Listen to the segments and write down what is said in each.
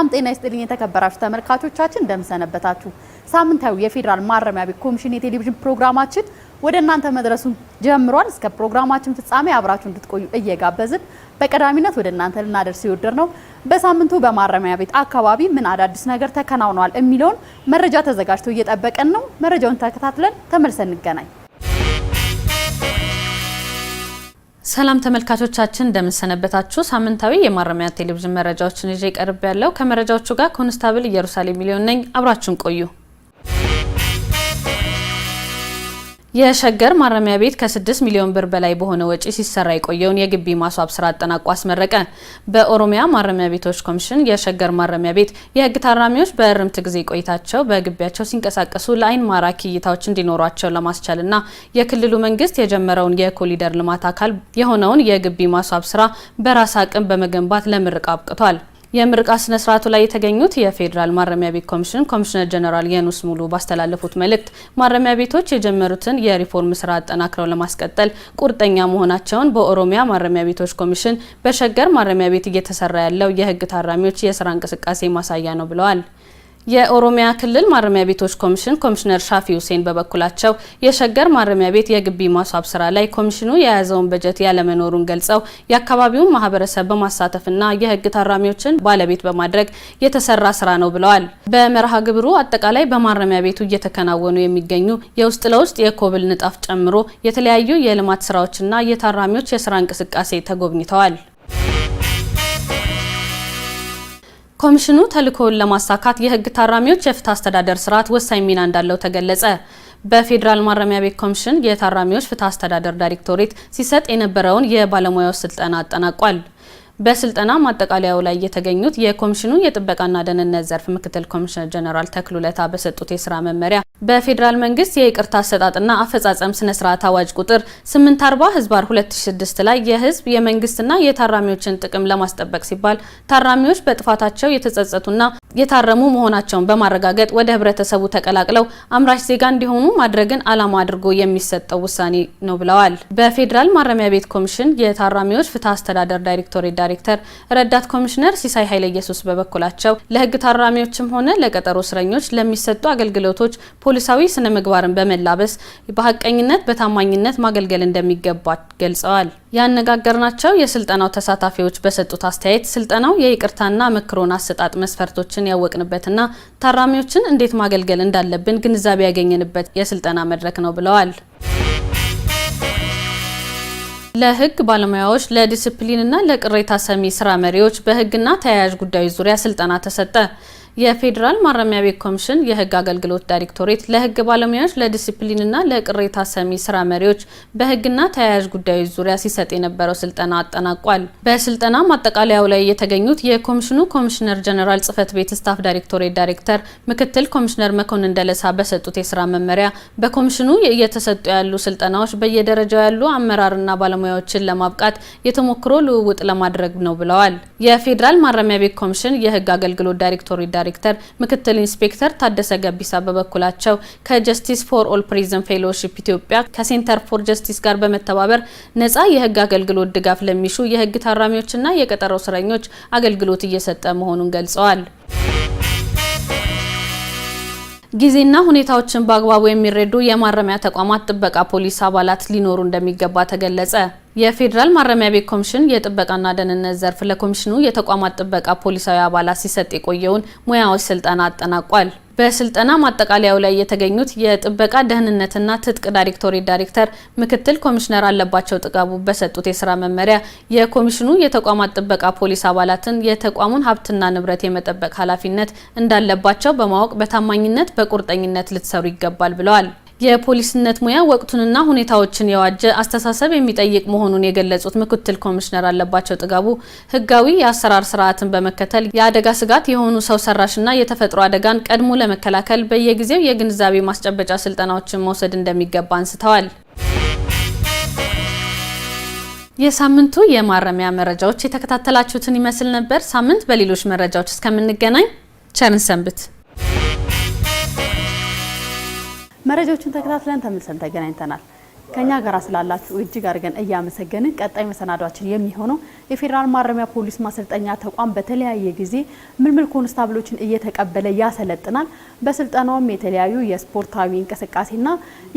ሰላም ጤና ይስጥልኝ የተከበራችሁ ተመልካቾቻችን እንደምሰነበታችሁ። ሳምንታዊ የፌዴራል ማረሚያ ቤት ኮሚሽን የቴሌቪዥን ፕሮግራማችን ወደ እናንተ መድረሱን ጀምሯል። እስከ ፕሮግራማችን ፍጻሜ አብራችሁ እንድትቆዩ እየጋበዝን በቀዳሚነት ወደ እናንተ ልናደርስ ይወደር ነው። በሳምንቱ በማረሚያ ቤት አካባቢ ምን አዳዲስ ነገር ተከናውኗል የሚለውን መረጃ ተዘጋጅቶ እየጠበቀን ነው። መረጃውን ተከታትለን ተመልሰን እንገናኝ። ሰላም ተመልካቾቻችን እንደምንሰነበታችሁ። ሳምንታዊ የማረሚያ ቴሌቪዥን መረጃዎችን ይዤ ቀርብ ያለው ከመረጃዎቹ ጋር ኮንስታብል ኢየሩሳሌም ሚሊዮን ነኝ። አብራችሁን ቆዩ። የሸገር ማረሚያ ቤት ከ6 ሚሊዮን ብር በላይ በሆነ ወጪ ሲሰራ የቆየውን የግቢ ማስዋብ ስራ አጠናቆ አስመረቀ። በኦሮሚያ ማረሚያ ቤቶች ኮሚሽን የሸገር ማረሚያ ቤት የህግ ታራሚዎች በእርምት ጊዜ ቆይታቸው በግቢያቸው ሲንቀሳቀሱ ለአይን ማራኪ እይታዎች እንዲኖሯቸው ለማስቻልና የክልሉ መንግስት የጀመረውን የኮሊደር ልማት አካል የሆነውን የግቢ ማስዋብ ስራ በራስ አቅም በመገንባት ለምርቅ አብቅቷል። የምርቃ ስነ ስርዓቱ ላይ የተገኙት የፌዴራል ማረሚያ ቤት ኮሚሽን ኮሚሽነር ጀነራል የኑስ ሙሉ ባስተላለፉት መልእክት ማረሚያ ቤቶች የጀመሩትን የሪፎርም ስራ አጠናክረው ለማስቀጠል ቁርጠኛ መሆናቸውን በኦሮሚያ ማረሚያ ቤቶች ኮሚሽን በሸገር ማረሚያ ቤት እየተሰራ ያለው የህግ ታራሚዎች የስራ እንቅስቃሴ ማሳያ ነው ብለዋል። የኦሮሚያ ክልል ማረሚያ ቤቶች ኮሚሽን ኮሚሽነር ሻፊ ሁሴን በበኩላቸው የሸገር ማረሚያ ቤት የግቢ ማስዋብ ስራ ላይ ኮሚሽኑ የያዘውን በጀት ያለመኖሩን ገልጸው የአካባቢውን ማህበረሰብ በማሳተፍና የህግ ታራሚዎችን ባለቤት በማድረግ የተሰራ ስራ ነው ብለዋል። በመርሃ ግብሩ አጠቃላይ በማረሚያ ቤቱ እየተከናወኑ የሚገኙ የውስጥ ለውስጥ የኮብል ንጣፍ ጨምሮ የተለያዩ የልማት ስራዎችና የታራሚዎች የስራ እንቅስቃሴ ተጎብኝተዋል። ኮሚሽኑ ተልእኮውን ለማሳካት የህግ ታራሚዎች የፍትህ አስተዳደር ስርዓት ወሳኝ ሚና እንዳለው ተገለጸ። በፌዴራል ማረሚያ ቤት ኮሚሽን የታራሚዎች ፍትህ አስተዳደር ዳይሬክቶሬት ሲሰጥ የነበረውን የባለሙያዎች ስልጠና አጠናቋል። በስልጠና ማጠቃለያው ላይ የተገኙት የኮሚሽኑ የጥበቃና ደህንነት ዘርፍ ምክትል ኮሚሽነር ጀነራል ተክሉለታ በሰጡት የስራ መመሪያ በፌዴራል መንግስት የይቅርታ አሰጣጥና አፈጻጸም ስነ ስርዓት አዋጅ ቁጥር 840 ህዝባር 2006 ላይ የህዝብ የመንግስትና የታራሚዎችን ጥቅም ለማስጠበቅ ሲባል ታራሚዎች በጥፋታቸው የተጸጸቱና የታረሙ መሆናቸውን በማረጋገጥ ወደ ህብረተሰቡ ተቀላቅለው አምራች ዜጋ እንዲሆኑ ማድረግን ዓላማ አድርጎ የሚሰጠው ውሳኔ ነው ብለዋል። በፌዴራል ማረሚያ ቤት ኮሚሽን የታራሚዎች ፍትህ አስተዳደር ዳይሬክቶሬት ዳይሬክተር ረዳት ኮሚሽነር ሲሳይ ኃይለ ኢየሱስ በበኩላቸው ለህግ ታራሚዎችም ሆነ ለቀጠሮ እስረኞች ለሚሰጡ አገልግሎቶች ፖሊሳዊ ስነ ምግባርን በመላበስ በሀቀኝነት በታማኝነት ማገልገል እንደሚገባ ገልጸዋል። ያነጋገርናቸው የስልጠናው ተሳታፊዎች በሰጡት አስተያየት ስልጠናው የይቅርታና መክሮን አሰጣጥ መስፈርቶችን ያወቅንበትና ታራሚዎችን እንዴት ማገልገል እንዳለብን ግንዛቤ ያገኘንበት የስልጠና መድረክ ነው ብለዋል። ለህግ ባለሙያዎች ለዲስፕሊንና ለቅሬታ ሰሚ ስራ መሪዎች በህግና ተያያዥ ጉዳዮች ዙሪያ ስልጠና ተሰጠ። የፌዴራል ማረሚያ ቤት ኮሚሽን የህግ አገልግሎት ዳይሬክቶሬት ለህግ ባለሙያዎች ለዲሲፕሊንና ለቅሬታ ሰሚ ስራ መሪዎች በህግና ተያያዥ ጉዳዮች ዙሪያ ሲሰጥ የነበረው ስልጠና አጠናቋል። በስልጠና ማጠቃለያው ላይ የተገኙት የኮሚሽኑ ኮሚሽነር ጀኔራል ጽህፈት ቤት ስታፍ ዳይሬክቶሬት ዳይሬክተር ምክትል ኮሚሽነር መኮንን ደለሳ በሰጡት የስራ መመሪያ በኮሚሽኑ እየተሰጡ ያሉ ስልጠናዎች በየደረጃው ያሉ አመራርና ባለሙያዎችን ለማብቃት የተሞክሮ ልውውጥ ለማድረግ ነው ብለዋል። የፌዴራል ማረሚያ ቤት ኮሚሽን የህግ አገልግሎት ዳይሬክቶሬት ዳይሬክተር ምክትል ኢንስፔክተር ታደሰ ገቢሳ በበኩላቸው ከጀስቲስ ፎር ኦል ፕሪዝን ፌሎሺፕ ኢትዮጵያ ከሴንተር ፎር ጀስቲስ ጋር በመተባበር ነጻ የህግ አገልግሎት ድጋፍ ለሚሹ የህግ ታራሚዎችና የቀጠሮ እስረኞች አገልግሎት እየሰጠ መሆኑን ገልጸዋል። ጊዜና ሁኔታዎችን በአግባቡ የሚረዱ የማረሚያ ተቋማት ጥበቃ ፖሊስ አባላት ሊኖሩ እንደሚገባ ተገለጸ። የፌዴራል ማረሚያ ቤት ኮሚሽን የጥበቃና ደህንነት ዘርፍ ለኮሚሽኑ የተቋማት ጥበቃ ፖሊሳዊ አባላት ሲሰጥ የቆየውን ሙያዎች ስልጠና አጠናቋል። በስልጠና ማጠቃለያው ላይ የተገኙት የጥበቃ ደህንነትና ትጥቅ ዳይሬክቶሬት ዳይሬክተር ምክትል ኮሚሽነር አለባቸው ጥጋቡ በሰጡት የስራ መመሪያ የኮሚሽኑ የተቋማት ጥበቃ ፖሊስ አባላትን የተቋሙን ሀብትና ንብረት የመጠበቅ ኃላፊነት እንዳለባቸው በማወቅ በታማኝነት በቁርጠኝነት ልትሰሩ ይገባል ብለዋል። የፖሊስነት ሙያ ወቅቱንና ሁኔታዎችን የዋጀ አስተሳሰብ የሚጠይቅ መሆኑን የገለጹት ምክትል ኮሚሽነር አለባቸው ጥጋቡ ህጋዊ የአሰራር ስርዓትን በመከተል የአደጋ ስጋት የሆኑ ሰው ሰራሽና የተፈጥሮ አደጋን ቀድሞ ለመከላከል በየጊዜው የግንዛቤ ማስጨበጫ ስልጠናዎችን መውሰድ እንደሚገባ አንስተዋል። የሳምንቱ የማረሚያ መረጃዎች የተከታተላችሁትን ይመስል ነበር። ሳምንት በሌሎች መረጃዎች እስከምንገናኝ ቸርን ሰንብት። መረጃዎችን ተከታትለን ተመልሰን ተገናኝተናል። ከኛ ጋር ስላላችሁ እጅግ አድርገን እያመሰገንን ቀጣይ መሰናዷችን የሚሆነው የፌዴራል ማረሚያ ፖሊስ ማሰልጠኛ ተቋም በተለያየ ጊዜ ምልምል ኮንስታብሎችን እየተቀበለ ያሰለጥናል። በስልጠናውም የተለያዩ የስፖርታዊ እንቅስቃሴና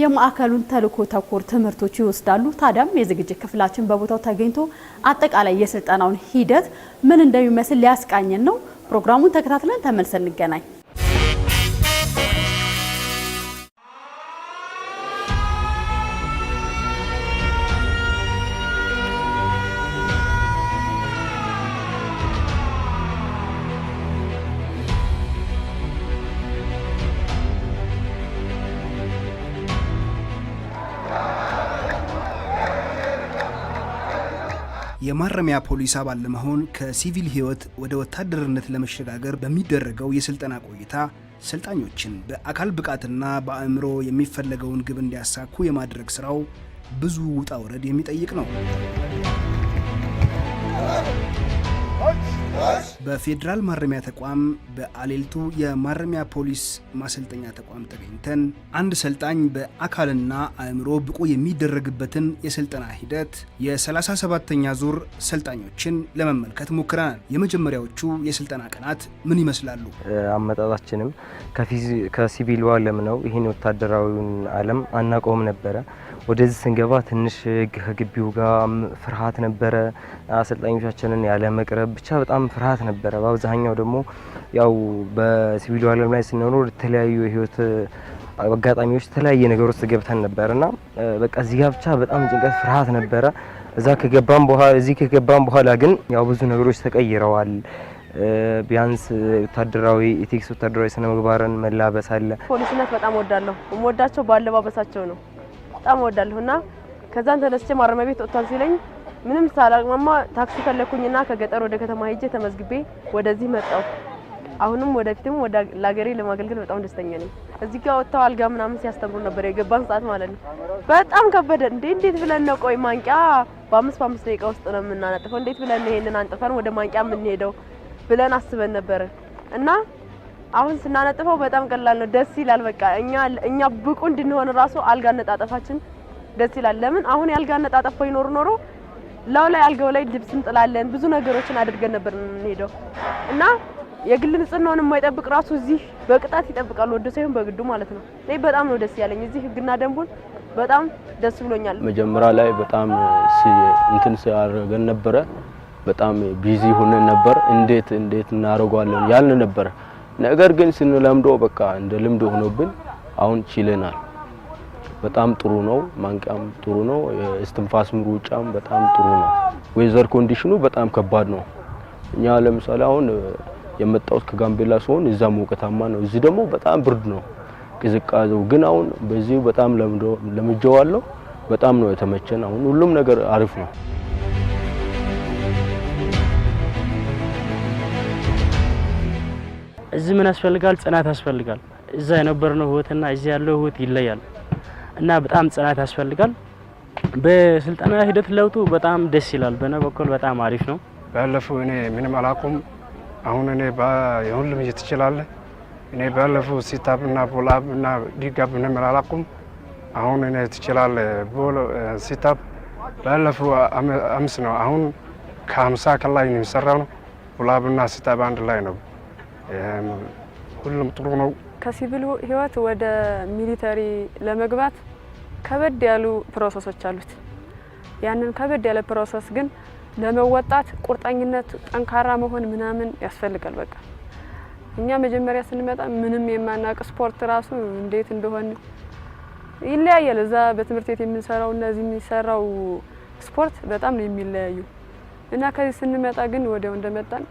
የማዕከሉን ተልዕኮ ተኮር ትምህርቶች ይወስዳሉ። ታዲያም የዝግጅት ክፍላችን በቦታው ተገኝቶ አጠቃላይ የስልጠናውን ሂደት ምን እንደሚመስል ሊያስቃኝን ነው። ፕሮግራሙን ተከታትለን ተመልሰን እንገናኝ። የማረሚያ ፖሊስ አባል ለመሆን ከሲቪል ህይወት ወደ ወታደርነት ለመሸጋገር በሚደረገው የስልጠና ቆይታ ሰልጣኞችን በአካል ብቃትና በአእምሮ የሚፈለገውን ግብ እንዲያሳኩ የማድረግ ስራው ብዙ ውጣ ውረድ የሚጠይቅ ነው። በፌዴራል ማረሚያ ተቋም በአሌልቱ የማረሚያ ፖሊስ ማሰልጠኛ ተቋም ተገኝተን አንድ ሰልጣኝ በአካልና አእምሮ ብቁ የሚደረግበትን የስልጠና ሂደት የ37ኛ ዙር ሰልጣኞችን ለመመልከት ሞክረናል። የመጀመሪያዎቹ የስልጠና ቀናት ምን ይመስላሉ? አመጣጣችንም ከሲቪሉ ዓለም ነው። ይህን ወታደራዊውን ዓለም አናውቀውም ነበረ። ወደዚህ ስንገባ ትንሽ ከግቢው ጋር ፍርሃት ነበረ። አሰልጣኞቻችንን ያለ መቅረብ ብቻ በጣም ፍርሃት ነበረ። በአብዛኛው ደግሞ ያው በሲቪሉ ዓለም ላይ ስንኖር የተለያዩ የህይወት አጋጣሚዎች የተለያየ ነገር ውስጥ ገብተን ነበር እና በቃ እዚህ ጋ ብቻ በጣም ጭንቀት ፍርሃት ነበረ። እዛ ከገባም በኋላ እዚህ ከገባም በኋላ ግን ያው ብዙ ነገሮች ተቀይረዋል። ቢያንስ ወታደራዊ ኢቴክስ ወታደራዊ ስነ ምግባርን መላበስ አለ። ፖሊስነት በጣም ወዳለሁ። የምወዳቸው በአለባበሳቸው ነው። በጣም እወዳለሁ እና ከዛን ተነስቼ ማረሚያ ቤት ወጥቷል ሲለኝ ምንም ሳላቅማማ ታክሲ ፈለኩኝና ከገጠር ወደ ከተማ ሄጄ ተመዝግቤ ወደዚህ መጣሁ። አሁንም ወደፊትም ወደ ላገሬ ለማገልገል በጣም ደስተኛ ነኝ። እዚህ ጋር ወጥተው አልጋ ምናምን ሲያስተምሩ ነበር የገባን ሰዓት ማለት ነው። በጣም ከበደ እንዴ! እንዴት ብለን ነው ቆይ ማንቂያ በአምስት በአምስት ደቂቃ ውስጥ ነው የምናነጥፈው፣ እንዴት ብለን ይሄንን አንጥፈን ወደ ማንቂያ የምንሄደው ብለን አስበን ነበር እና አሁን ስናነጥፈው በጣም ቀላል ነው። ደስ ይላል። በቃ እኛ እኛ ብቁ እንድንሆን ራሱ አልጋ አነጣጠፋችን ደስ ይላል። ለምን አሁን የአልጋ አነጣጠፍ ይኖር ኖሮ ላው ላይ አልጋው ላይ ልብስ እንጥላለን፣ ብዙ ነገሮችን አድርገን ነበር የምንሄደው እና የግል ንጽህናውን የማይጠብቅ ራሱ እዚህ በቅጣት ይጠብቃል፣ ወደ ሳይሆን በግዱ ማለት ነው። እኔ በጣም ነው ደስ ያለኝ እዚህ ህግና ደንቡን በጣም ደስ ብሎኛል። መጀመሪያ ላይ በጣም እንትን ሲያደርገን ነበረ። በጣም ቢዚ ሆነን ነበር። እንዴት እንዴት እናደርገዋለን ያልን ነገር ግን ስንለምደው በቃ እንደ ልምድ ሆኖብን አሁን ችለናል። በጣም ጥሩ ነው። ማንቂያም ጥሩ ነው። እስትንፋስም ሩጫም በጣም ጥሩ ነው። ዌዘር ኮንዲሽኑ በጣም ከባድ ነው። እኛ ለምሳሌ አሁን የመጣሁት ከጋምቤላ ሲሆን እዛ ሙቀታማ ነው፣ እዚህ ደግሞ በጣም ብርድ ነው ቅዝቃዜው። ግን አሁን በዚህ በጣም ለምጄዋለሁ። በጣም ነው የተመቸን። አሁን ሁሉም ነገር አሪፍ ነው። እዚህ ምን ያስፈልጋል? ጽናት ያስፈልጋል። እዛ የነበርነው ህይወትና እዚህ ያለው ህይወት ይለያል እና በጣም ጽናት ያስፈልጋል። በስልጠና ሂደት ለውጡ በጣም ደስ ይላል። በእኔ በኩል በጣም አሪፍ ነው። ባለፈው እኔ ምንም አላውቅም። አሁን እኔ የሁሉም ትችላለህ። እኔ ባለፈው ሲታብና ቦላብና ዲጋብ ምንም አላውቅም። አሁን እኔ ትችላለህ። ሲታብ ባለፈው አምስት ነው። አሁን ከሀምሳ ከላይ የሚሰራው ነው። ቦላብና ሲታብ አንድ ላይ ነው። ሁሉም ጥሩ ነው። ከሲቪል ህይወት ወደ ሚሊተሪ ለመግባት ከበድ ያሉ ፕሮሰሶች አሉት። ያንን ከበድ ያለ ፕሮሰስ ግን ለመወጣት ቁርጠኝነት፣ ጠንካራ መሆን ምናምን ያስፈልጋል። በቃ እኛ መጀመሪያ ስንመጣ ምንም የማናውቅ ስፖርት ራሱ እንዴት እንደሆን ይለያያል። እዛ በትምህርት ቤት የምንሰራው እና የሚሰራው ስፖርት በጣም ነው የሚለያዩ እና ከዚህ ስንመጣ ግን ወዲያው እንደመጣን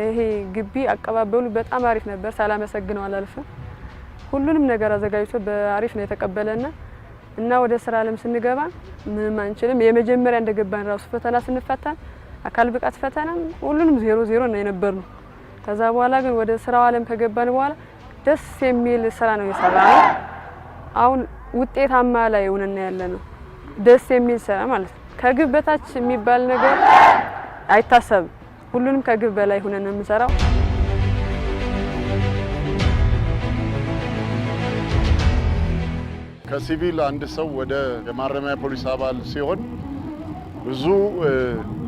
ይሄ ግቢ አቀባበሉ በጣም አሪፍ ነበር። ሳላመሰግነው አላልፍም። ሁሉንም ነገር አዘጋጅቶ በአሪፍ ነው የተቀበለና እና ወደ ስራ አለም ስንገባ ምንም አንችልም። የመጀመሪያ እንደገባን ራሱ ፈተና ስንፈተን አካል ብቃት ፈተና ሁሉንም ዜሮ ዜሮ ነው የነበር ነው። ከዛ በኋላ ግን ወደ ስራው አለም ከገባን በኋላ ደስ የሚል ስራ ነው የሰራ ነው። አሁን ውጤታማ ላይ ሆነን ያለ ነው። ደስ የሚል ስራ ማለት ነው። ከግብ በታች የሚባል ነገር አይታሰብም። ሁሉንም ከግብ በላይ ሆነን የምንሰራው። ከሲቪል አንድ ሰው ወደ የማረሚያ ፖሊስ አባል ሲሆን ብዙ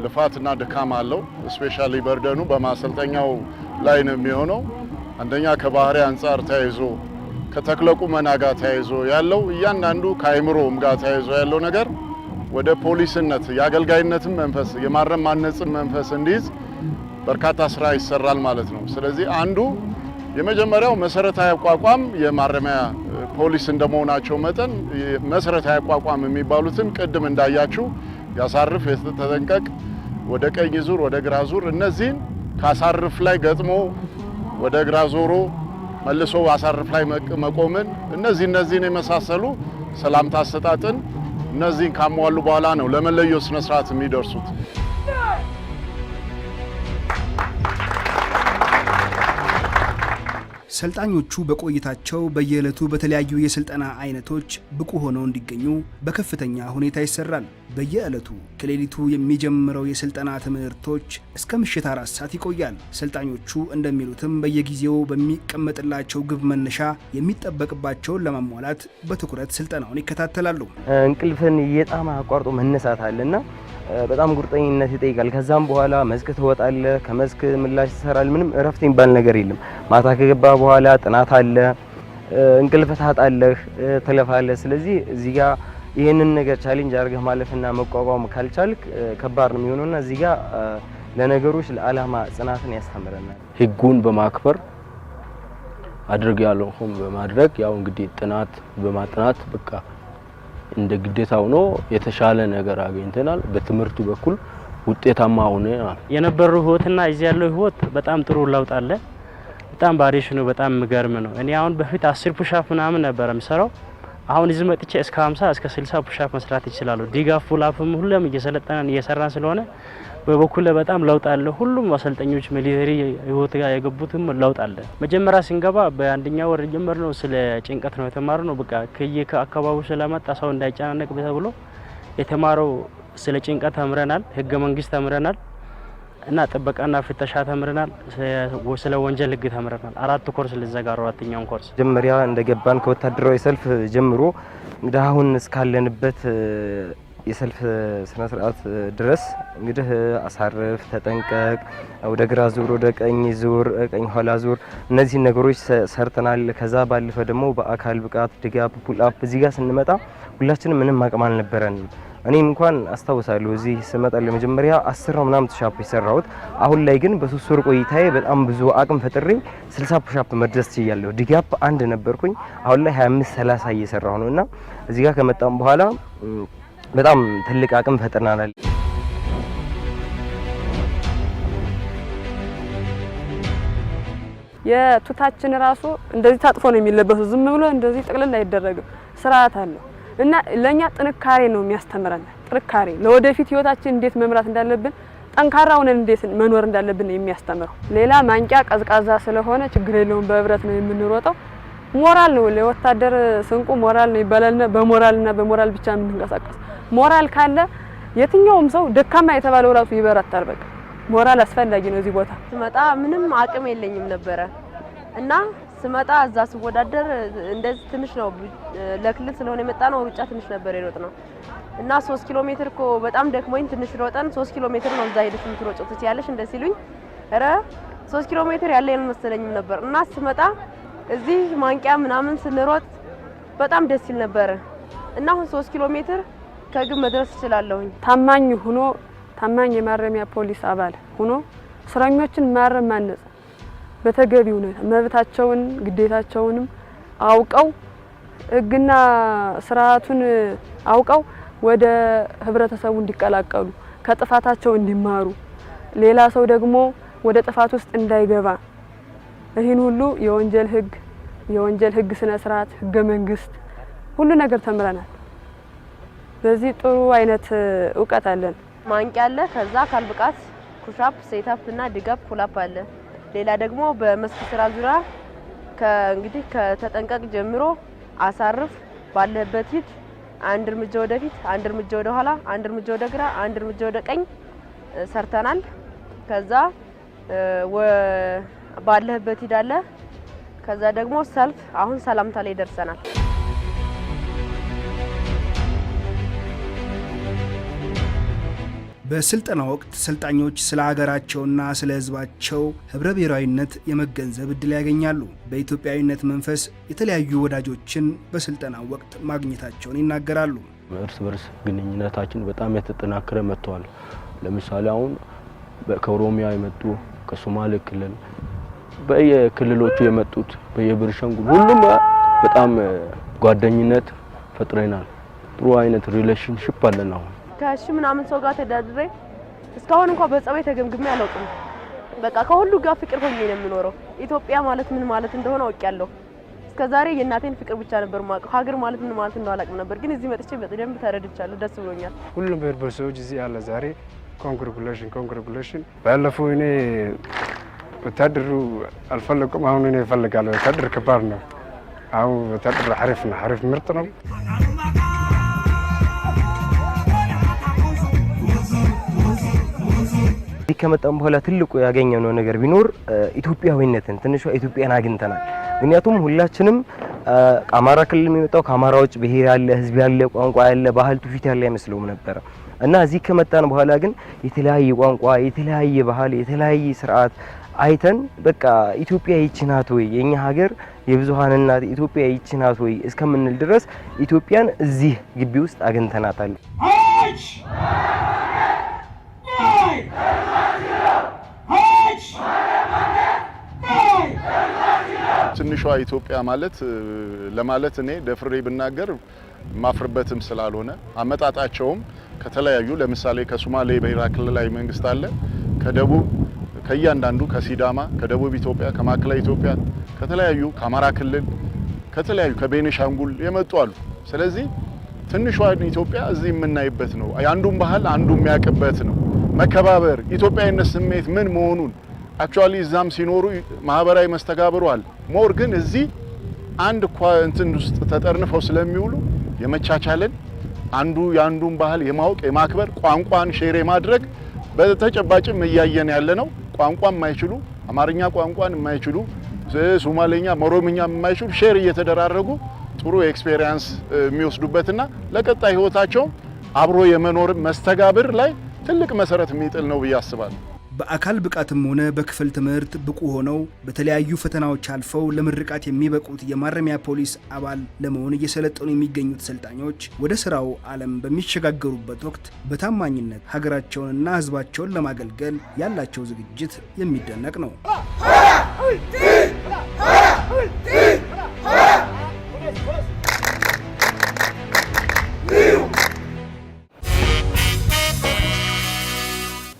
ልፋትና ድካም አለው። ስፔሻሊ በርደኑ በማሰልጠኛው ላይ ነው የሚሆነው። አንደኛ ከባህሪ አንጻር ተያይዞ ከተክለ ቁመና ጋር ተያይዞ ያለው እያንዳንዱ ከአይምሮም ጋር ተያይዞ ያለው ነገር ወደ ፖሊስነት የአገልጋይነትን መንፈስ የማረም ማነጽን መንፈስ እንዲይዝ በርካታ ስራ ይሰራል ማለት ነው። ስለዚህ አንዱ የመጀመሪያው መሰረታዊ አቋቋም የማረሚያ ፖሊስ እንደመሆናቸው መጠን መሰረታዊ አቋቋም የሚባሉትን ቅድም እንዳያችሁ ያሳርፍ፣ የተጠንቀቅ፣ ወደ ቀኝ ዙር፣ ወደ ግራ ዙር እነዚህን ካሳርፍ ላይ ገጥሞ ወደ ግራ ዞሮ መልሶ አሳርፍ ላይ መቆምን እነዚህ እነዚህን የመሳሰሉ ሰላምታ አሰጣጥን እነዚህን ካሟሉ በኋላ ነው ለመለዮ ስነ ስርዓት የሚደርሱት። ሰልጣኞቹ በቆይታቸው በየዕለቱ በተለያዩ የስልጠና አይነቶች ብቁ ሆነው እንዲገኙ በከፍተኛ ሁኔታ ይሰራል። በየዕለቱ ከሌሊቱ የሚጀምረው የስልጠና ትምህርቶች እስከ ምሽት አራት ሰዓት ይቆያል። ሰልጣኞቹ እንደሚሉትም በየጊዜው በሚቀመጥላቸው ግብ መነሻ የሚጠበቅባቸውን ለማሟላት በትኩረት ስልጠናውን ይከታተላሉ። እንቅልፍን እየጣማ አቋርጦ መነሳት አለና በጣም ጉርጠኝነት ይጠይቃል። ከዛም በኋላ መስክ ትወጣለ፣ ከመስክ ምላሽ ትሰራል። ምንም እረፍት የሚባል ነገር የለም። ማታ ከገባ በኋላ ጥናት አለ፣ እንቅልፍ ታጣለህ፣ ትለፋለህ። ስለዚህ እዚህ ጋር ይህንን ነገር ቻሌንጅ አድርገህ ማለፍና መቋቋም ካልቻልክ ከባድ ነው የሚሆነውና እዚህ ጋር ለነገሮች ለዓላማ ጽናትን ያስተምረናል። ህጉን በማክበር አድርግ ያለው በማድረግ ያው እንግዲህ ጥናት በማጥናት በቃ እንደ ግዴታ ሆኖ የተሻለ ነገር አግኝተናል። በትምህርቱ በኩል ውጤታማ ሆነ የነበረው ህይወትና እዚህ ያለው ህይወት በጣም ጥሩ ለውጥ አለ። በጣም ባሪሽ ነው። በጣም ምገርም ነው። እኔ አሁን በፊት አስር ፑሻፕ ምናምን ነበር የምሰራው አሁን እዚህ መጥቼ እስከ 50 እስከ 60 ፑሻፕ መስራት ይችላሉ። ዲጋፍ ፑላፕም ሁሉም እየሰለጠነን እየሰራን ስለሆነ በበኩል በጣም ለውጥ አለ። ሁሉም አሰልጠኞች ሚሊተሪ ህይወት ጋር የገቡትም ለውጥ አለ። መጀመሪያ ስንገባ በአንደኛ ወር ነው ስለ ጭንቀት ነው ነው በቃ ከየ ከአካባቢው ስለመጣ ሰው እንዳይጨናነቅ ተብሎ የተማረው ስለ ጭንቀት ተምረናል። ህገ መንግስት ተምረናል። እና ጥበቃና ፍተሻ ተምረናል። ስለ ወንጀል ህግ ተምረናል። አራት ኮርስ ልዘጋሩ አራተኛውን ኮርስ መጀመሪያ እንደገባን ከወታደራዊ ሰልፍ ጀምሮ እንግዲህ አሁን እስካለንበት የሰልፍ ስነ ስርዓት ድረስ እንግዲህ አሳርፍ፣ ተጠንቀቅ፣ ወደ ግራ ዙር፣ ወደ ቀኝ ዙር፣ ቀኝ ኋላ ዙር፣ እነዚህ ነገሮች ሰርተናል። ከዛ ባለፈ ደግሞ በአካል ብቃት ድጋፍ፣ ፑል አፕ እዚህ ጋር ስንመጣ ሁላችንም ምንም አቅም አልነበረንም። እኔም እንኳን አስታውሳለሁ እዚህ ስመጣ ለመጀመሪያ አስር ነው ምናምን ፑሻፕ የሰራሁት። አሁን ላይ ግን በሶስት ወር ቆይታዬ በጣም ብዙ አቅም ፈጥሬ 60 ፑሻፕ መድረስ ችያለሁ። ድጋፕ አንድ ነበርኩኝ፣ አሁን ላይ 25 30 እየሰራሁ ነው እና እዚህ ጋር ከመጣም በኋላ በጣም ትልቅ አቅም ፈጥረናል። የቱታችን ራሱ እንደዚህ ታጥፎ ነው የሚለበሱ። ዝም ብሎ እንደዚህ ጥቅልል አይደረግም፣ ስርዓት አለው። እና ለእኛ ጥንካሬ ነው የሚያስተምረን። ጥንካሬ ለወደፊት ህይወታችን እንዴት መምራት እንዳለብን፣ ጠንካራ ሆነን እንዴት መኖር እንዳለብን የሚያስተምረው። ሌላ ማንቂያ ቀዝቃዛ ስለሆነ ችግር የለውም በህብረት ነው የምንሮጠው። ሞራል ነው ለወታደር ስንቁ ሞራል ነው ይባላልና በሞራልና በሞራል ብቻ የምንንቀሳቀስ ሞራል ካለ የትኛውም ሰው ደካማ የተባለው ራሱ ይበረታል። በቃ ሞራል አስፈላጊ ነው። እዚህ ቦታ ስመጣ ምንም አቅም የለኝም ነበረ እና ስመጣ እዛ ስወዳደር እንደዚህ ትንሽ ነው። ለክልል ስለሆነ የመጣ ነው ሩጫ ትንሽ ነበር የሮጥ ነው እና ሶስት ኪሎ ሜትር እኮ በጣም ደክሞኝ ትንሽ ሮጠን ሶስት ኪሎ ሜትር ነው እዛ ሄደሽ የምትሮጪው ያለሽ እንደ ሲሉኝ ኧረ ሶስት ኪሎ ሜትር ያለ ያልመሰለኝም ነበር እና ስመጣ እዚህ ማንቂያ ምናምን ስንሮጥ በጣም ደስ ይል ነበር እና አሁን ሶስት ኪሎ ሜትር ከግብ መድረስ እችላለሁኝ። ታማኝ ሁኖ ታማኝ የማረሚያ ፖሊስ አባል ሁኖ እስረኞችን ማረም ማነጽ በተገቢ ሁኔታ መብታቸውን ግዴታቸውንም አውቀው ህግና ስርዓቱን አውቀው ወደ ህብረተሰቡ እንዲቀላቀሉ ከጥፋታቸው እንዲማሩ ሌላ ሰው ደግሞ ወደ ጥፋት ውስጥ እንዳይገባ ይህን ሁሉ የወንጀል ህግ የወንጀል ህግ ስነ ስርዓት ሕገ መንግስት ሁሉ ነገር ተምረናል። በዚህ ጥሩ አይነት እውቀት አለን። ማንቂያ አለ። ከዛ አካል ብቃት ኩሻፕ፣ ሴታፕ እና ድጋፕ ኩላፕ አለ። ሌላ ደግሞ በመስክ ስራ ዙሪያ እንግዲህ ከተጠንቀቅ ጀምሮ አሳርፍ ባለበት ሂድ፣ አንድ እርምጃ ወደፊት፣ አንድ እርምጃ ወደ ኋላ፣ አንድ እርምጃ ወደ ግራ፣ አንድ እርምጃ ወደ ቀኝ ሰርተናል። ከዛ ባለህበት ሂድ አለ። ከዛ ደግሞ ሰልፍ አሁን ሰላምታ ላይ ደርሰናል። በስልጠና ወቅት ሰልጣኞች ስለ ሀገራቸውና ስለ ህዝባቸው ህብረ ብሔራዊነት የመገንዘብ እድል ያገኛሉ። በኢትዮጵያዊነት መንፈስ የተለያዩ ወዳጆችን በስልጠና ወቅት ማግኘታቸውን ይናገራሉ። እርስ በርስ ግንኙነታችን በጣም የተጠናከረ መጥተዋል። ለምሳሌ አሁን ከኦሮሚያ የመጡ ከሶማሌ ክልል በየክልሎቹ የመጡት በየብርሸንጉል ሁሉም በጣም ጓደኝነት ፈጥረናል። ጥሩ አይነት ሪሌሽንሽፕ አለን አሁን ከሺ ምናምን ሰው ጋር ተዳድሬ እስካሁን እንኳ በጸባይ ተገምግሜ አላውቅም። በቃ ከሁሉ ጋር ፍቅር ሆኜ ነው የምኖረው። ኢትዮጵያ ማለት ምን ማለት እንደሆነ አውቄያለሁ። እስከዛሬ የእናቴን ፍቅር ብቻ ነበር የማውቀው። ሀገር ማለት ምን ማለት እንደሆነ አላውቅም ነበር፣ ግን እዚህ መጥቼ በደንብ ተረድቻለሁ። ደስ ብሎኛል። ሁሉም በርበር ሰዎች እዚህ አለ። ዛሬ ኮንግራቹሌሽን ኮንግራቹሌሽን። ባለፈው እኔ ወታደሩ አልፈለቁም፣ አሁን እኔ እፈልጋለሁ። ወታደር ከባድ ነው። አሁን ወታደር አሪፍ ነው፣ አሪፍ ምርጥ ነው። ይህ ከመጣም በኋላ ትልቁ ያገኘነው ነገር ቢኖር ኢትዮጵያዊነትን ትንሿ ኢትዮጵያን አግኝተናል። ምክንያቱም ሁላችንም አማራ ክልል የሚመጣው ከአማራ ውጭ ያለ ህዝብ ያለ ቋንቋ ያለ ባህል ትውፊት ያለ አይመስለውም ነበረ እና እዚህ ከመጣን በኋላ ግን የተለያየ ቋንቋ፣ የተለያየ ባህል፣ የተለያየ ስርዓት አይተን በቃ ኢትዮጵያ ይቺ ናት ወይ የኛ ሀገር የብዙሀን እናት ኢትዮጵያ ይቺ ናት ወይ እስከምንል ድረስ ኢትዮጵያን እዚህ ግቢ ውስጥ አግኝተናታል። ትንሿ ኢትዮጵያ ማለት ለማለት እኔ ደፍሬ ብናገር ማፍርበትም ስላልሆነ አመጣጣቸውም ከተለያዩ ለምሳሌ ከሶማሌ ብሔራ ክልላዊ መንግስት አለ፣ ከደቡብ ከእያንዳንዱ ከሲዳማ፣ ከደቡብ ኢትዮጵያ፣ ከማዕከላዊ ኢትዮጵያ፣ ከተለያዩ ከአማራ ክልል፣ ከተለያዩ ከቤኒሻንጉል የመጡ አሉ። ስለዚህ ትንሿን ኢትዮጵያ እዚህ የምናይበት ነው። የአንዱን ባህል አንዱ የሚያውቅበት ነው። መከባበር፣ ኢትዮጵያዊነት ስሜት ምን መሆኑን አክቹአሊ እዛም ሲኖሩ ማህበራዊ መስተጋብሩ አለ። ሞር ግን እዚህ አንድ እኳ እንትን ውስጥ ተጠርንፈው ስለሚውሉ የመቻቻልን አንዱ የአንዱን ባህል የማወቅ የማክበር ቋንቋን ሼር የማድረግ በተጨባጭም እያየን ያለ ነው። ቋንቋ የማይችሉ አማርኛ ቋንቋን የማይችሉ ሶማሌኛ፣ ኦሮምኛ የማይችሉ ሼር እየተደራረጉ ጥሩ ኤክስፔሪንስ የሚወስዱበትና ለቀጣይ ህይወታቸውም አብሮ የመኖር መስተጋብር ላይ ትልቅ መሰረት የሚጥል ነው ብዬ አስባለሁ። በአካል ብቃትም ሆነ በክፍል ትምህርት ብቁ ሆነው በተለያዩ ፈተናዎች አልፈው ለምርቃት የሚበቁት የማረሚያ ፖሊስ አባል ለመሆን እየሰለጠኑ የሚገኙት ሰልጣኞች ወደ ስራው ዓለም በሚሸጋገሩበት ወቅት በታማኝነት ሀገራቸውንና ሕዝባቸውን ለማገልገል ያላቸው ዝግጅት የሚደነቅ ነው።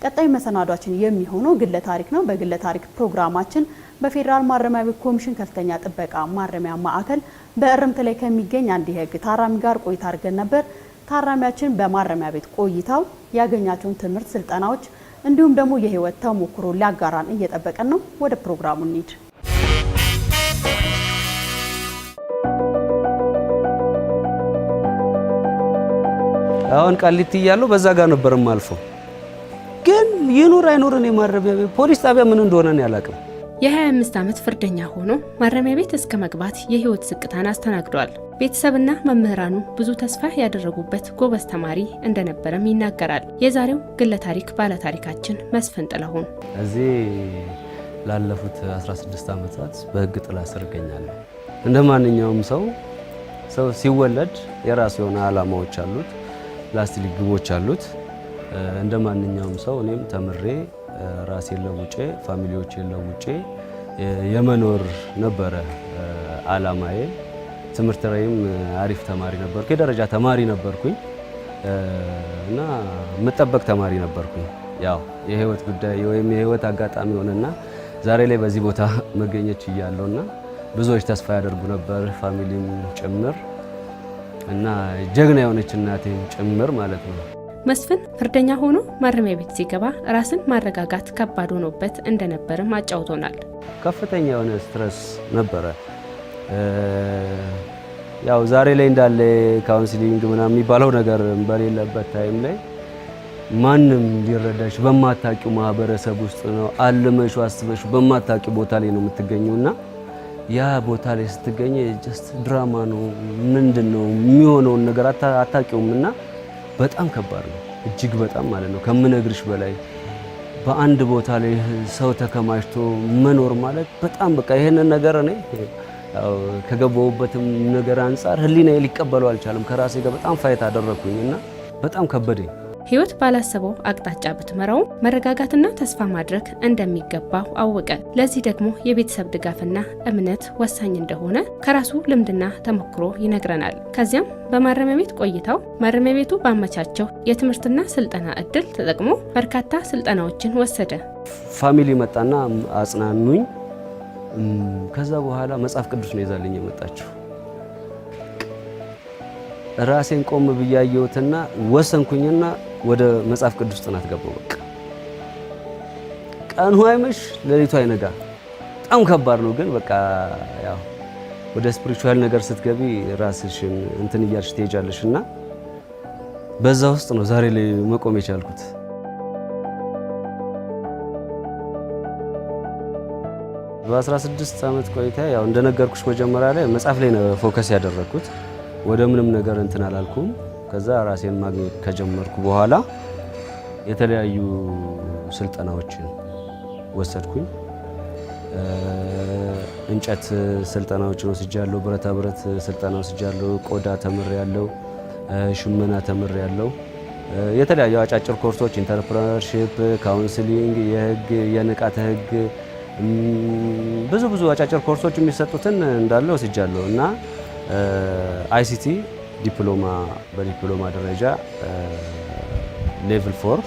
ቀጣይ መሰናዷችን የሚሆነው ግለ ታሪክ ነው። በግለ ታሪክ ፕሮግራማችን በፌዴራል ማረሚያ ቤት ኮሚሽን ከፍተኛ ጥበቃ ማረሚያ ማዕከል በእርምት ላይ ከሚገኝ አንድ የህግ ታራሚ ጋር ቆይታ አድርገን ነበር። ታራሚያችን በማረሚያ ቤት ቆይታው ያገኛቸውን ትምህርት፣ ስልጠናዎች እንዲሁም ደግሞ የህይወት ተሞክሮ ሊያጋራን እየጠበቀን ነው። ወደ ፕሮግራሙ እንሂድ። አሁን ቃሊቲ እያለሁ በዛ ጋር ነበርም አልፈው ግን ይኑር አይኑር እኔ ማረሚያ ቤት ፖሊስ ጣቢያ ምን እንደሆነ እኔ አላውቅም። የ25 ዓመት ፍርደኛ ሆኖ ማረሚያ ቤት እስከ መግባት የህይወት ዝቅታን አስተናግዷል። ቤተሰብና መምህራኑ ብዙ ተስፋ ያደረጉበት ጎበዝ ተማሪ እንደነበረም ይናገራል። የዛሬው ግለ ታሪክ ባለታሪካችን መስፍን ጥለሁን እዚህ ላለፉት 16 ዓመታት በህግ ጥላ ስር እገኛለሁ። እንደ ማንኛውም ሰው ሰው ሲወለድ የራሱ የሆነ ዓላማዎች አሉት፣ ላስቲክ ግቦች አሉት እንደ ማንኛውም ሰው እኔም ተምሬ ራሴን ለውጬ ፋሚሊዎቼን ለውጬ የመኖር ነበረ አላማዬ። ትምህርት ላይም አሪፍ ተማሪ ነበርኩ፣ የደረጃ ተማሪ ነበርኩኝ እና መጠበቅ ተማሪ ነበርኩኝ። ያው የህይወት ጉዳይ ወይም የህይወት አጋጣሚ ሆነና ዛሬ ላይ በዚህ ቦታ መገኘች እያለውና ብዙዎች ተስፋ ያደርጉ ነበር ፋሚሊም ጭምር እና ጀግና የሆነች እናቴ ጭምር ማለት ነው። መስፍን ፍርደኛ ሆኖ ማረሚያ ቤት ሲገባ ራስን ማረጋጋት ከባድ ሆኖበት እንደነበርም አጫውቶናል። ከፍተኛ የሆነ ስትረስ ነበረ። ያው ዛሬ ላይ እንዳለ ካውንስሊንግ ምናምን የሚባለው ነገር በሌለበት ታይም ላይ ማንም ሊረዳሽ በማታቂው ማህበረሰብ ውስጥ ነው አልመሹ አስበሹ በማታቂ ቦታ ላይ ነው የምትገኘው እና ያ ቦታ ላይ ስትገኝ ጀስት ድራማ ነው ምንድን ነው የሚሆነውን ነገር አታቂውም እና በጣም ከባድ ነው። እጅግ በጣም ማለት ነው ከምነግርሽ በላይ በአንድ ቦታ ላይ ሰው ተከማችቶ መኖር ማለት በጣም በቃ ይሄንን ነገር እኔ ከገባሁበትም ነገር አንጻር ህሊና ሊቀበለው አልቻለም። ከራሴ ጋር በጣም ፋይት አደረግኩኝ እና በጣም ከበደኝ። ህይወት ባላሰበው አቅጣጫ ብትመራው መረጋጋትና ተስፋ ማድረግ እንደሚገባው አወቀ። ለዚህ ደግሞ የቤተሰብ ድጋፍና እምነት ወሳኝ እንደሆነ ከራሱ ልምድና ተሞክሮ ይነግረናል። ከዚያም በማረሚያ ቤት ቆይታው ማረሚያ ቤቱ ባመቻቸው የትምህርትና ስልጠና እድል ተጠቅሞ በርካታ ስልጠናዎችን ወሰደ። ፋሚሊ መጣና አጽናኑኝ። ከዛ በኋላ መጽሐፍ ቅዱስ ነው ይዛልኝ የመጣችው። ራሴን ቆም ብዬ ወሰንኩኝና ወደ መጽሐፍ ቅዱስ ጥናት ገባው። በቃ ቀኑ አይመሽ ሌሊቱ አይነጋ። በጣም ከባድ ነው፣ ግን በቃ ያው ወደ ስፒሪቹዋል ነገር ስትገቢ ራስሽን እንትን እያልሽ ትሄጃለሽ እና በዛ ውስጥ ነው ዛሬ ላይ መቆም የቻልኩት። በ16 ዓመት ቆይታ ያው እንደነገርኩሽ መጀመሪያ ላይ መጽሐፍ ላይ ነው ፎከስ ያደረግኩት። ወደ ምንም ነገር እንትን አላልኩም። ከዛ ራሴን ማግኘት ከጀመርኩ በኋላ የተለያዩ ስልጠናዎችን ወሰድኩኝ። እንጨት ስልጠናዎችን ወስጃለሁ። ብረታ ብረት ስልጠና ወስጃለሁ። ቆዳ ተምር ያለው ሽመና ተምር ያለው የተለያዩ አጫጭር ኮርሶች ኢንተርፕረነርሺፕ፣ ካውንስሊንግ፣ የህግ የንቃተ ህግ ብዙ ብዙ አጫጭር ኮርሶች የሚሰጡትን እንዳለ ወስጃለሁ እና አይሲቲ ዲፕሎማ በዲፕሎማ ደረጃ ሌቭል ፎር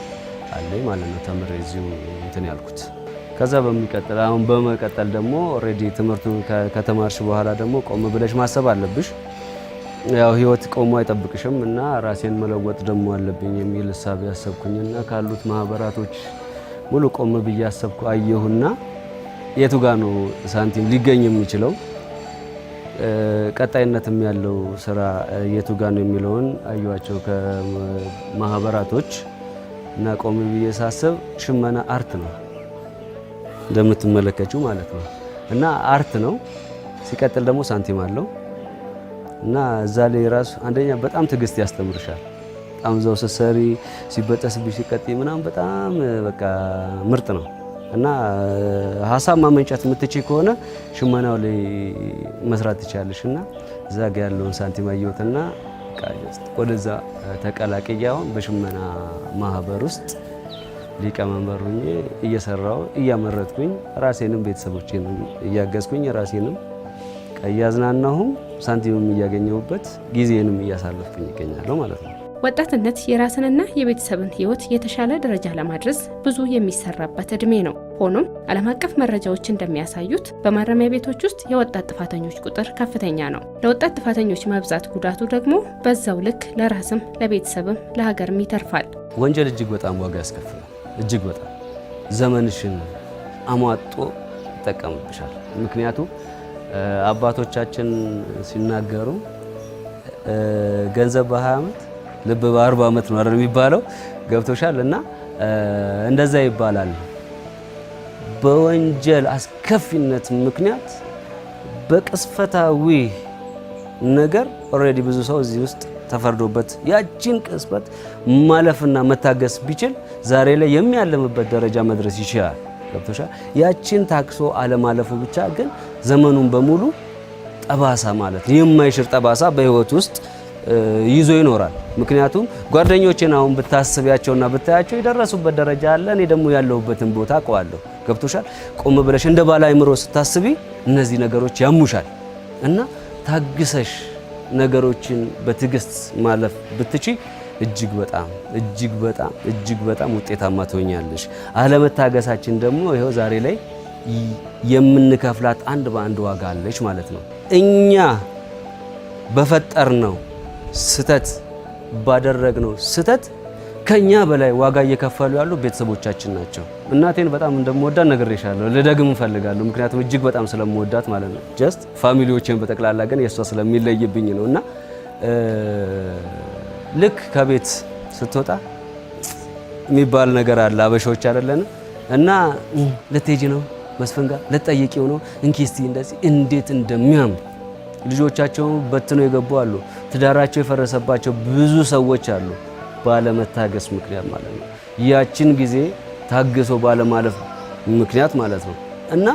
አለ ማለት ነው። ተምሬ እዚሁ እንትን ያልኩት ከዛ በሚቀጥል አሁን በመቀጠል ደግሞ ኦልሬዲ ትምህርቱን ከተማርሽ በኋላ ደግሞ ቆም ብለሽ ማሰብ አለብሽ። ያው ህይወት ቆሞ አይጠብቅሽም እና ራሴን መለወጥ ደግሞ አለብኝ የሚል ሀሳብ ያሰብኩኝና ካሉት ማህበራቶች ሙሉ ቆም ብዬ አሰብኩ አየሁና የቱ ጋ ነው ሳንቲም ሊገኝ የሚችለው ቀጣይነትም ያለው ስራ የቱ ጋ ነው የሚለውን አየኋቸው ከማህበራቶች እና ቆሚ ብዬ ሳስብ ሽመና አርት ነው እንደምትመለከችው ማለት ነው እና አርት ነው ሲቀጥል ደግሞ ሳንቲም አለው እና እዛ ላይ ራሱ አንደኛ በጣም ትዕግስት ያስተምርሻል። በጣም እዛው ስትሰሪ ሲበጠስብሽ ሲቀጥ ምናምን በጣም በቃ ምርጥ ነው። እና ሀሳብ ማመንጨት የምትችል ከሆነ ሽመናው ላይ መስራት ትችላለሽ። እና እዛ ጋ ያለውን ሳንቲም አየሁትና ወደዛ ተቀላቅዬ አሁን በሽመና ማህበር ውስጥ ሊቀመንበር ሁኜ እየሰራው እያመረትኩኝ ራሴንም ቤተሰቦቼን እያገዝኩኝ ራሴንም እያዝናናሁም ሳንቲምም እያገኘሁበት ጊዜንም እያሳለፍኩኝ ይገኛለሁ ማለት ነው። ወጣትነት የራስንና የቤተሰብን ህይወት የተሻለ ደረጃ ለማድረስ ብዙ የሚሰራበት ዕድሜ ነው። ሆኖም ዓለም አቀፍ መረጃዎች እንደሚያሳዩት በማረሚያ ቤቶች ውስጥ የወጣት ጥፋተኞች ቁጥር ከፍተኛ ነው። ለወጣት ጥፋተኞች መብዛት ጉዳቱ ደግሞ በዛው ልክ ለራስም ለቤተሰብም ለሀገርም ይተርፋል። ወንጀል እጅግ በጣም ዋጋ ያስከፍላል። እጅግ በጣም ዘመንሽን አሟጦ ይጠቀምብሻል። ምክንያቱም አባቶቻችን ሲናገሩ ገንዘብ በ20 ዓመት ልብ በአርባ ዓመት ነው አይደል የሚባለው፣ ገብቶሻል። እና እንደዛ ይባላል። በወንጀል አስከፊነት ምክንያት በቅስፈታዊ ነገር ኦልሬዲ ብዙ ሰው እዚህ ውስጥ ተፈርዶበት ያችን ቅስፈት ማለፍና መታገስ ቢችል ዛሬ ላይ የሚያለምበት ደረጃ መድረስ ይችላል። ገብቶሻል። ያችን ታክሶ አለማለፉ ብቻ ግን ዘመኑን በሙሉ ጠባሳ ማለት የማይሽር ጠባሳ በህይወት ውስጥ ይዞ ይኖራል። ምክንያቱም ጓደኞችን አሁን ብታስቢያቸውና ብታያቸው የደረሱበት ደረጃ አለ። እኔ ደግሞ ያለሁበትን ቦታ አውቀዋለሁ። ገብቶሻል? ቆም ብለሽ እንደ ባለ አእምሮ ስታስቢ እነዚህ ነገሮች ያሙሻል እና ታግሰሽ ነገሮችን በትዕግስት ማለፍ ብትቺ እጅግ በጣም እጅግ በጣም እጅግ በጣም ውጤታማ ትሆኛለሽ። አለመታገሳችን ደግሞ ይኸው ዛሬ ላይ የምንከፍላት አንድ በአንድ ዋጋ አለች ማለት ነው እኛ በፈጠር ነው ስተት ባደረግነው ስተት ከኛ በላይ ዋጋ እየከፈሉ ያሉ ቤተሰቦቻችን ናቸው። እናቴን በጣም እንደምወዳት ነግሬሻለሁ፣ ልደግም እፈልጋለሁ። ምክንያቱም እጅግ በጣም ስለምወዳት ማለት ነው። ጀስት ፋሚሊዎችን በጠቅላላ ግን የእሷ ስለሚለይብኝ ነው እና ልክ ከቤት ስትወጣ የሚባል ነገር አለ። አበሻዎች አይደለን እና ልትሄጂ ነው መስፍን ልትጠይቂው ነው እንኪ እስቲ እንደዚህ እንዴት እንደሚያምር ልጆቻቸው በትነው የገቡ አሉ። ትዳራቸው የፈረሰባቸው ብዙ ሰዎች አሉ፣ ባለመታገስ ምክንያት ማለት ነው። ያችን ጊዜ ታግሶ ባለማለፍ ምክንያት ማለት ነው። እና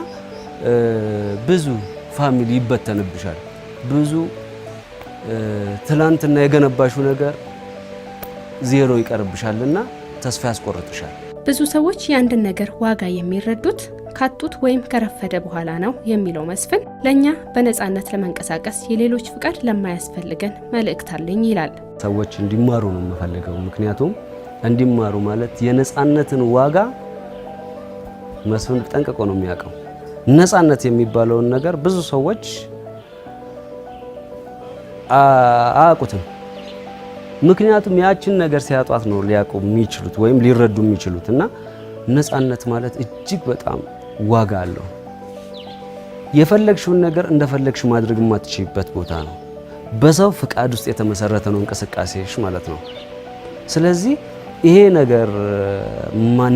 ብዙ ፋሚሊ ይበተንብሻል። ብዙ ትላንትና የገነባሹ ነገር ዜሮ ይቀርብሻል እና ተስፋ ያስቆርጥሻል። ብዙ ሰዎች የአንድን ነገር ዋጋ የሚረዱት ካጡት ወይም ከረፈደ በኋላ ነው የሚለው መስፍን ለእኛ በነፃነት ለመንቀሳቀስ የሌሎች ፍቃድ ለማያስፈልገን መልእክት አለኝ ይላል። ሰዎች እንዲማሩ ነው የምፈልገው። ምክንያቱም እንዲማሩ ማለት የነፃነትን ዋጋ መስፍን ጠንቅቆ ነው የሚያውቀው። ነፃነት የሚባለውን ነገር ብዙ ሰዎች አያውቁትም። ምክንያቱም ያችን ነገር ሲያጧት ነው ሊያውቁ የሚችሉት ወይም ሊረዱ የሚችሉት እና ነፃነት ማለት እጅግ በጣም ዋጋ አለው። የፈለግሽውን ነገር እንደፈለግሽ ማድረግ የማትችይበት ቦታ ነው። በሰው ፍቃድ ውስጥ የተመሰረተ ነው እንቅስቃሴሽ ማለት ነው። ስለዚህ ይሄ ነገር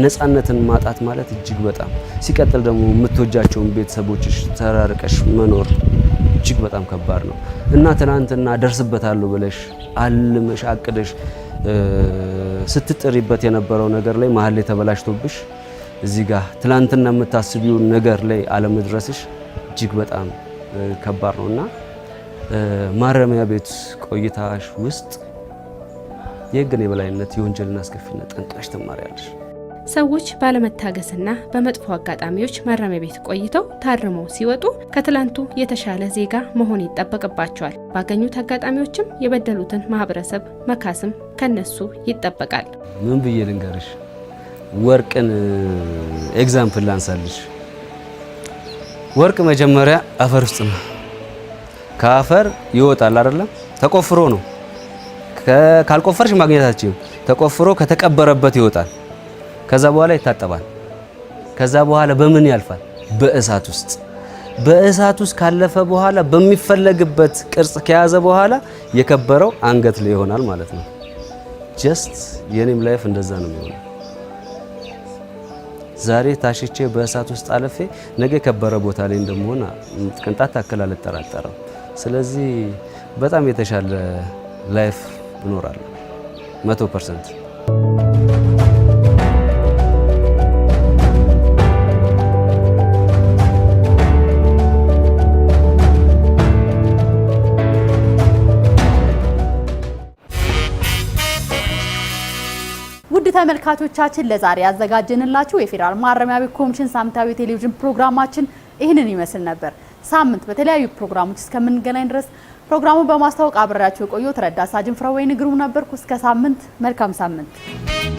ነፃነትን ማጣት ማለት እጅግ በጣም ሲቀጥል ደግሞ የምትወጃቸውን ቤተሰቦችሽ ተራርቀሽ መኖር እጅግ በጣም ከባድ ነው እና ትናንትና ደርስበታለሁ ብለሽ አልመሽ አቅደሽ ስትጥሪበት የነበረው ነገር ላይ መሀል ላይ ተበላሽቶብሽ እዚህ ጋር ትላንትና የምታስቢው ነገር ላይ አለመድረስሽ እጅግ በጣም ከባድ ነው እና ማረሚያ ቤት ቆይታሽ ውስጥ የሕግን የበላይነት የወንጀልና አስከፊነት ጠንቅቀሽ ትማሪያለሽ። ሰዎች ባለመታገስና በመጥፎ አጋጣሚዎች ማረሚያ ቤት ቆይተው ታርመው ሲወጡ ከትላንቱ የተሻለ ዜጋ መሆን ይጠበቅባቸዋል። ባገኙት አጋጣሚዎችም የበደሉትን ማህበረሰብ መካስም ከነሱ ይጠበቃል። ምን ብዬ ልንገርሽ? ወርቅን ኤግዛምፕል ላንሳልሽ። ወርቅ መጀመሪያ አፈር ውስጥ ነው፣ ከአፈር ይወጣል አይደለም? ተቆፍሮ ነው። ካልቆፈርሽ ማግኘታችን ተቆፍሮ ከተቀበረበት ይወጣል። ከዛ በኋላ ይታጠባል። ከዛ በኋላ በምን ያልፋል? በእሳት ውስጥ በእሳት ውስጥ ካለፈ በኋላ በሚፈለግበት ቅርጽ ከያዘ በኋላ የከበረው አንገት ላይ ይሆናል ማለት ነው። ጀስት የኔም ላይፍ እንደዛ ነው የሚሆነው። ዛሬ ታሽቼ በእሳት ውስጥ አልፌ ነገ የከበረ ቦታ ላይ እንደመሆን ቅንጣት ታክል አልጠራጠርም። ስለዚህ በጣም የተሻለ ላይፍ እኖራለሁ መቶ ፐርሰንት። ተመልካቾቻችን ለዛሬ ያዘጋጀንላችሁ የፌዴራል ማረሚያ ቤት ኮሚሽን ሳምንታዊ ቴሌቪዥን ፕሮግራማችን ይህንን ይመስል ነበር። ሳምንት በተለያዩ ፕሮግራሞች እስከምንገናኝ ድረስ ፕሮግራሙን በማስታወቅ አብሬያችሁ የቆየሁት ረዳት ሳጅን ፍራወይ ንግሩ ነበርኩ። እስከ ሳምንት መልካም ሳምንት